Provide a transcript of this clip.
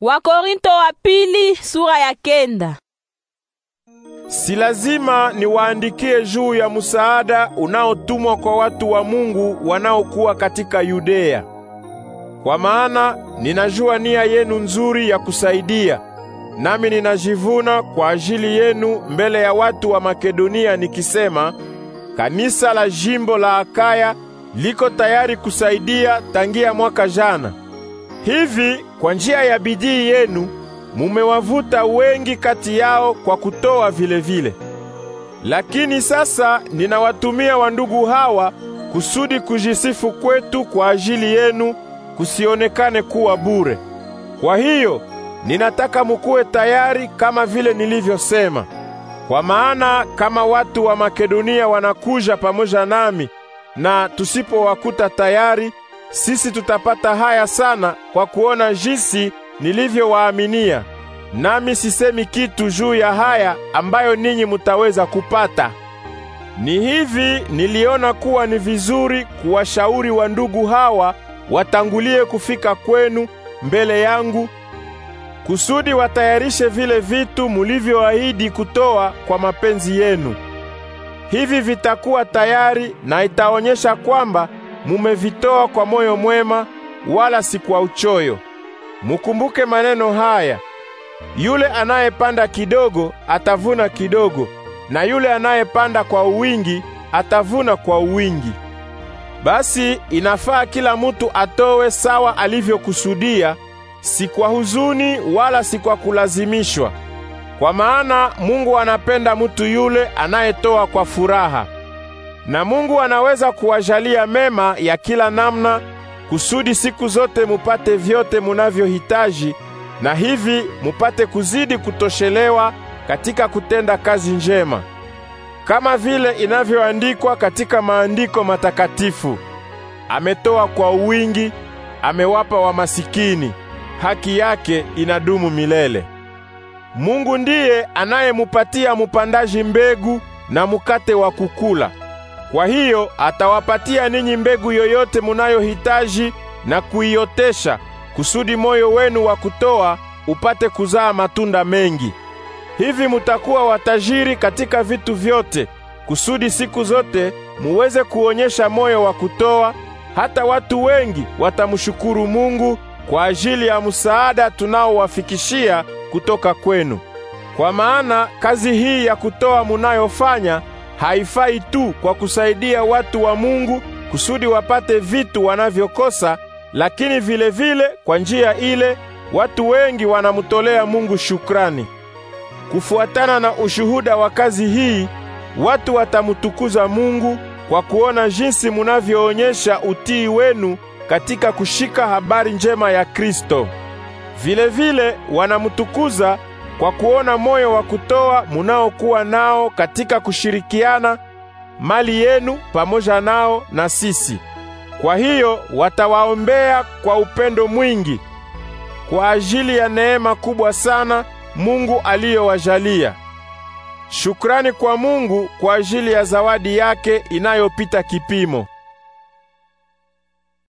Wakorinto wa pili sura ya kenda. Si lazima niwaandikie juu ya musaada unaotumwa kwa watu wa Mungu wanaokuwa katika Yudea. Kwa maana ninajua nia yenu nzuri ya kusaidia. Nami ninajivuna kwa ajili yenu mbele ya watu wa Makedonia nikisema, kanisa la jimbo la Akaya liko tayari kusaidia tangia mwaka jana. Hivi kwa njia ya bidii yenu mumewavuta wengi kati yao kwa kutoa vile vile. Lakini sasa ninawatumia wandugu hawa kusudi kujisifu kwetu kwa ajili yenu kusionekane kuwa bure. Kwa hiyo ninataka mukuwe tayari kama vile nilivyosema. Kwa maana kama watu wa Makedonia wanakuja pamoja nami na tusipowakuta tayari sisi tutapata haya sana kwa kuona jinsi nilivyowaaminia. Nami sisemi kitu juu ya haya ambayo ninyi mutaweza kupata. Ni hivi niliona kuwa ni vizuri kuwashauri wandugu hawa watangulie kufika kwenu mbele yangu kusudi watayarishe vile vitu mulivyoahidi kutoa kwa mapenzi yenu. Hivi vitakuwa tayari na itaonyesha kwamba mumevitoa kwa moyo mwema, wala si kwa uchoyo. Mukumbuke maneno haya: yule anayepanda kidogo atavuna kidogo, na yule anayepanda kwa uwingi atavuna kwa uwingi. Basi inafaa kila mutu atowe sawa alivyokusudia, si kwa huzuni wala si kwa kulazimishwa, kwa maana Mungu anapenda mutu yule anayetoa kwa furaha na Mungu anaweza kuwajalia mema ya kila namna kusudi siku zote mupate vyote munavyohitaji na hivi mupate kuzidi kutoshelewa katika kutenda kazi njema, kama vile inavyoandikwa katika maandiko matakatifu: ametoa kwa wingi, amewapa wamasikini, haki yake inadumu milele. Mungu ndiye anayemupatia mupandaji mbegu na mukate wa kukula. Kwa hiyo atawapatia ninyi mbegu yoyote munayohitaji na kuiotesha kusudi moyo wenu wa kutoa upate kuzaa matunda mengi. Hivi mutakuwa watajiri katika vitu vyote, kusudi siku zote muweze kuonyesha moyo wa kutoa. Hata watu wengi watamshukuru Mungu kwa ajili ya msaada tunaowafikishia kutoka kwenu, kwa maana kazi hii ya kutoa munayofanya haifai tu kwa kusaidia watu wa Mungu kusudi wapate vitu wanavyokosa, lakini vile vile kwa njia ile watu wengi wanamtolea Mungu shukrani. Kufuatana na ushuhuda wa kazi hii, watu watamtukuza Mungu kwa kuona jinsi munavyoonyesha utii wenu katika kushika habari njema ya Kristo. Vile vile wanamtukuza kwa kuona moyo wa kutoa munaokuwa nao katika kushirikiana mali yenu pamoja nao na sisi. Kwa hiyo watawaombea kwa upendo mwingi kwa ajili ya neema kubwa sana Mungu aliyowajalia. Shukrani kwa Mungu kwa ajili ya zawadi yake inayopita kipimo.